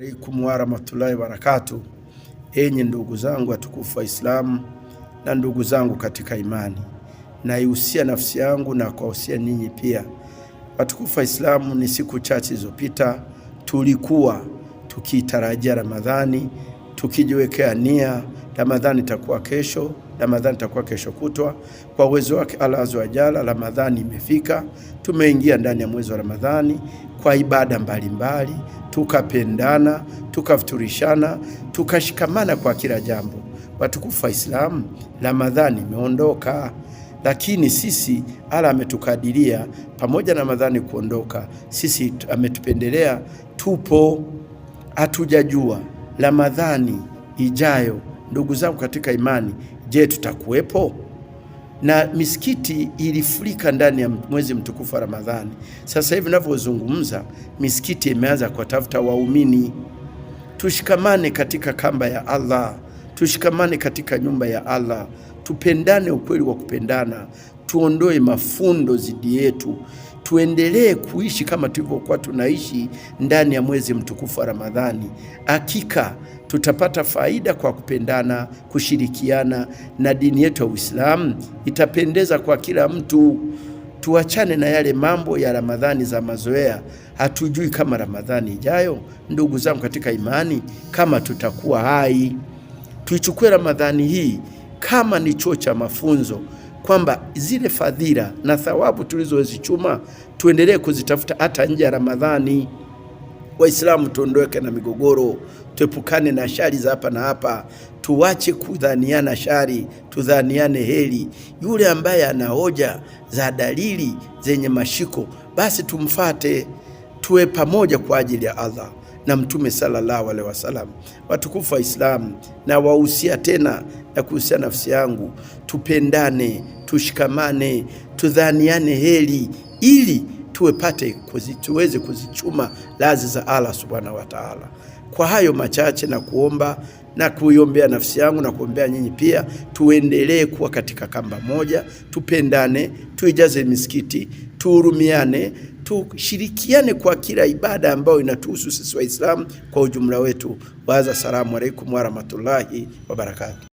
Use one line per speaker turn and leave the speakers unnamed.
alaikum warahmatullahi wabarakatu. Enyi ndugu zangu watukufu wa Islamu na ndugu zangu katika imani, naihusia nafsi yangu na kuwahusia ninyi pia watukufu wa Islamu. Ni siku chache zilizopita tulikuwa tukiitarajia Ramadhani tukijiwekea nia Ramadhani itakuwa kesho, Ramadhani itakuwa kesho kutwa. Kwa uwezo wake Allah azza wa jalla, Ramadhani imefika, tumeingia ndani ya mwezi wa Ramadhani kwa ibada mbalimbali, tukapendana, tukafuturishana, tukashikamana kwa kila jambo. Watukufu wa Ramadhani imeondoka, lakini sisi Allah ametukadiria pamoja na Ramadhani kuondoka, sisi ametupendelea, tupo, hatujajua Ramadhani ijayo ndugu zangu katika imani, je, tutakuwepo? Na misikiti ilifurika ndani ya mwezi mtukufu wa Ramadhani. Sasa hivi ninavyozungumza, misikiti imeanza kuwatafuta waumini. Tushikamane katika kamba ya Allah, tushikamane katika nyumba ya Allah, tupendane ukweli wa kupendana, tuondoe mafundo zidi yetu tuendelee kuishi kama tulivyokuwa tunaishi ndani ya mwezi mtukufu wa Ramadhani. Hakika tutapata faida kwa kupendana, kushirikiana, na dini yetu ya Uislamu itapendeza kwa kila mtu. Tuachane na yale mambo ya Ramadhani za mazoea. Hatujui kama Ramadhani ijayo, ndugu zangu katika imani, kama tutakuwa hai. Tuichukue Ramadhani hii kama ni chuo cha mafunzo kwamba zile fadhila na thawabu tulizozichuma tuendelee kuzitafuta hata nje ya Ramadhani. Waislamu, tuondoke na migogoro, tuepukane na shari za hapa na hapa, tuwache kudhaniana shari, tudhaniane heri. Yule ambaye ana hoja za dalili zenye mashiko, basi tumfate, tuwe pamoja kwa ajili ya Allah na Mtume sallallahu alaihi wasallam. Watukufu wa Islam, na wahusia tena na kuhusia nafsi yangu, tupendane, tushikamane, tudhaniane heri ili tuwepate kuzi, tuweze kuzichuma lazi za Allah subhanahu wa taala. Kwa hayo machache na kuomba na kuiombea nafsi yangu na kuombea nyinyi pia, tuendelee kuwa katika kamba moja, tupendane, tuijaze misikiti, tuhurumiane tushirikiane kwa kila ibada ambayo inatuhusu sisi Waislamu kwa ujumla wetu. Waza, salamu alaikum warahmatullahi wabarakatu.